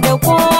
的我。